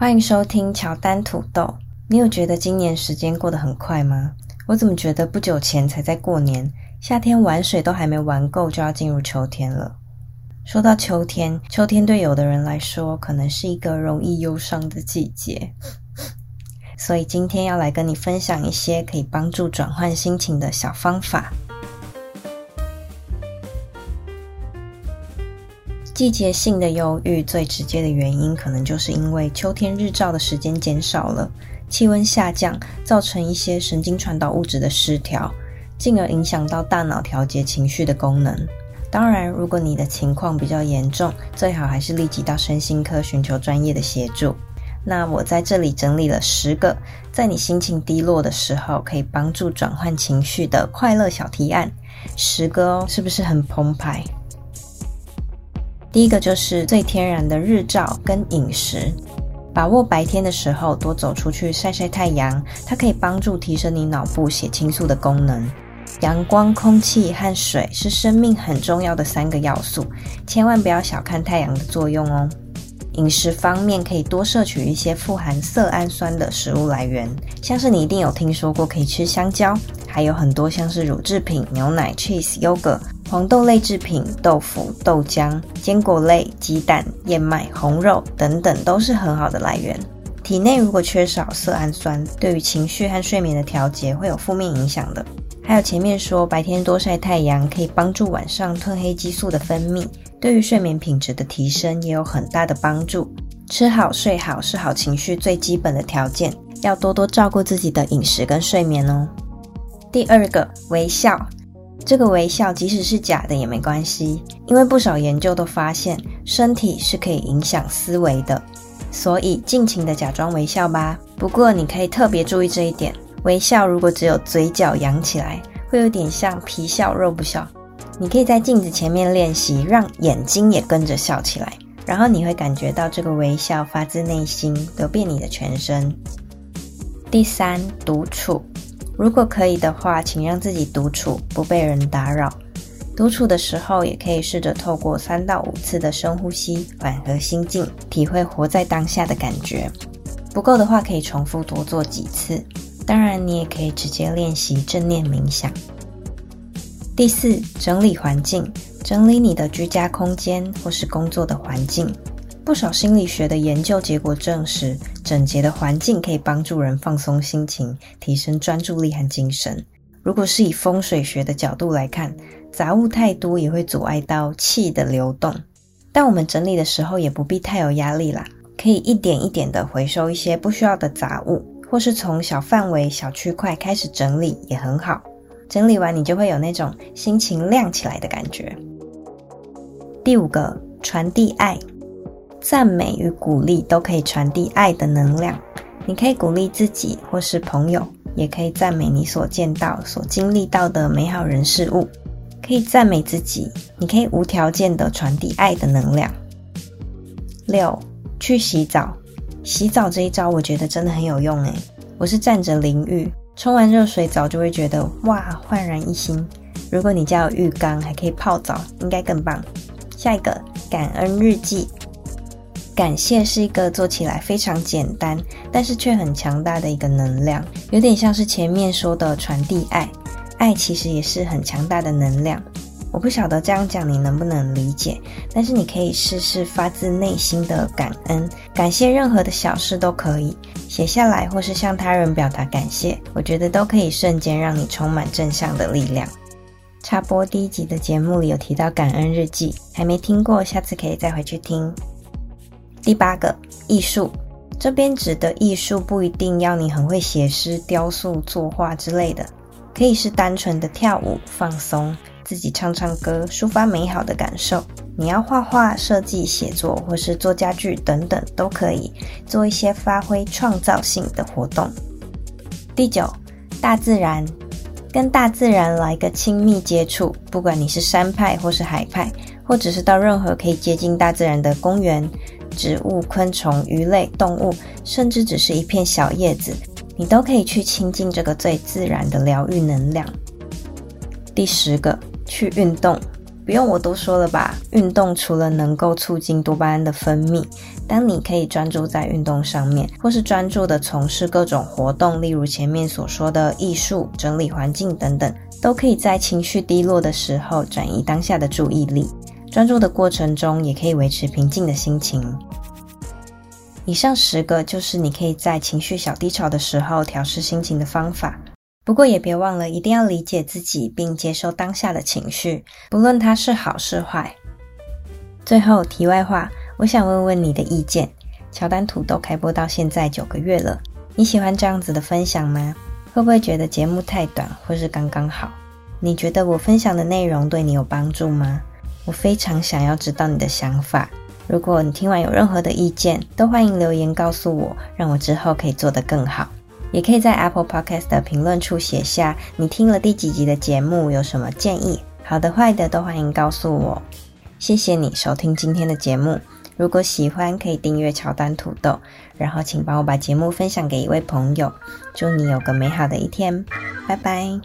歡迎收聽喬丹土豆。你有覺得今年時間過得很快嗎？我怎麼覺得不久前才在過年，夏天玩水都還沒玩夠，就要進入秋天了。說到秋天，秋天對有的人來說，可能是一個容易憂傷的季節。所以今天要來跟你分享一些可以幫助轉換心情的小方法。季節性的憂鬱，最直接的原因，可能就是因為秋天日照的時間減少了，氣溫下降，造成一些神經傳導物質的失調，進而影響到大腦調節情緒的功能。當然，如果你的情況比較嚴重，最好還是立即到身心科尋求專業的協助。那我在這裡整理了十個在你心情低落的時候可以幫助轉換情緒的快樂小提案，十個哦，是不是很澎湃？第一個就是最天然的日照跟飲食，把握白天的時候多走出去曬曬太陽，它可以幫助提升你腦部血清素的功能。陽光、空氣和水是生命很重要的三個要素，千萬不要小看太陽的作用哦。飲食方面可以多攝取一些富含色胺酸的食物來源，像是你一定有聽說過可以吃香蕉，還有很多像是乳製品、牛奶、cheese、yogurt。黃豆類製品、豆腐、豆漿、堅果類、雞蛋、燕麥、紅肉等等都是很好的來源。體內如果缺少色胺酸，對於情緒和睡眠的調節會有負面影響的。還有前面說白天多曬太陽可以幫助晚上褪黑激素的分泌，對於睡眠品質的提升也有很大的幫助。吃好睡好是好情緒最基本的條件，要多多照顧自己的飲食跟睡眠哦。第二個，微笑。這個微笑即使是假的也沒關係，因為不少研究都發現，身體是可以影響思維的，所以盡情的假裝微笑吧。不過你可以特別注意這一點，微笑如果只有嘴角揚起來，會有點像皮笑肉不笑。你可以在鏡子前面練習，讓眼睛也跟着笑起來，然後你會感覺到這個微笑發自內心，流遍你的全身。第三，獨處。如果可以的話，請讓自己獨處，不被人打擾。獨處的時候，也可以試着透過三到五次的深呼吸，緩和心境，體會活在當下的感覺。不夠的話，可以重複多做幾次。當然，你也可以直接練習正念冥想。第四，整理環境，整理你的居家空間或是工作的環境。不少心理學的研究結果證實，整潔的環境可以幫助人放鬆心情，提升專注力和精神。如果是以風水學的角度來看，雜物太多也會阻礙到氣的流動。但我們整理的時候也不必太有壓力啦，可以一點一點的回收一些不需要的雜物，或是從小範圍、小區塊開始整理也很好。整理完你就會有那種心情亮起來的感覺。第五個，傳遞愛。讚美與鼓勵都可以傳遞愛的能量。你可以鼓勵自己，或是朋友，也可以讚美你所見到、所經歷到的美好人事物。可以讚美自己，你可以無條件地傳遞愛的能量。六，去洗澡。洗澡這一招，我覺得真的很有用哎！我是站着淋浴，沖完熱水澡就會覺得哇，煥然一新。如果你家有浴缸，還可以泡澡，應該更棒。下一個，感恩日記。感謝是一個做起來非常簡單，但是卻很強大的一個能量，有點像是前面說的傳遞愛，愛其實也是很強大的能量。我不曉得這樣講你能不能理解，但是你可以試試發自內心的感恩，感謝任何的小事都可以寫下來，或是向他人表達感謝，我覺得都可以瞬間讓你充滿正向的力量。插播，第一集的節目裡有提到感恩日記，還沒聽過，下次可以再回去聽。第八個藝術，這邊指的藝術不一定要你很會寫詩、雕塑、作畫之類的，可以是單純的跳舞、放鬆、自己唱唱歌、抒發美好的感受。你要畫畫、設計、寫作，或是做家具等等，都可以做一些發揮創造性的活動。第九，大自然，跟大自然來個親密接觸，不管你是山派或是海派，或者是到任何可以接近大自然的公園。植物、昆蟲、魚類、動物，甚至只是一片小葉子，你都可以去親近這個最自然的療癒能量。第十個，去運動，不用我多說了吧？運動除了能夠促進多巴胺的分泌，當你可以專注在運動上面，或是專注地從事各種活動，例如前面所說的藝術、整理環境等等，都可以在情緒低落的時候轉移當下的注意力。專注的過程中，也可以維持平靜的心情。以上十個就是你可以在情緒小低潮的時候調試心情的方法。不過也別忘了，一定要理解自己，並接受當下的情緒，不論它是好是壞。最後題外話，我想問問你的意見：喬丹土豆開播到現在九個月了，你喜歡這樣子的分享嗎？會不會覺得節目太短，或是剛剛好？你覺得我分享的內容對你有幫助嗎？我非常想要知道你的想法。如果你聽完有任何的意見，都歡迎留言告訴我，讓我之後可以做得更好。也可以在 Apple Podcast 的評論處寫下你聽了第幾集的節目，有什麼建議，好的、壞的都歡迎告訴我。謝謝你收聽今天的節目。如果喜歡，可以訂閱喬丹土豆，然後請幫我把節目分享給一位朋友。祝你有個美好的一天，拜拜。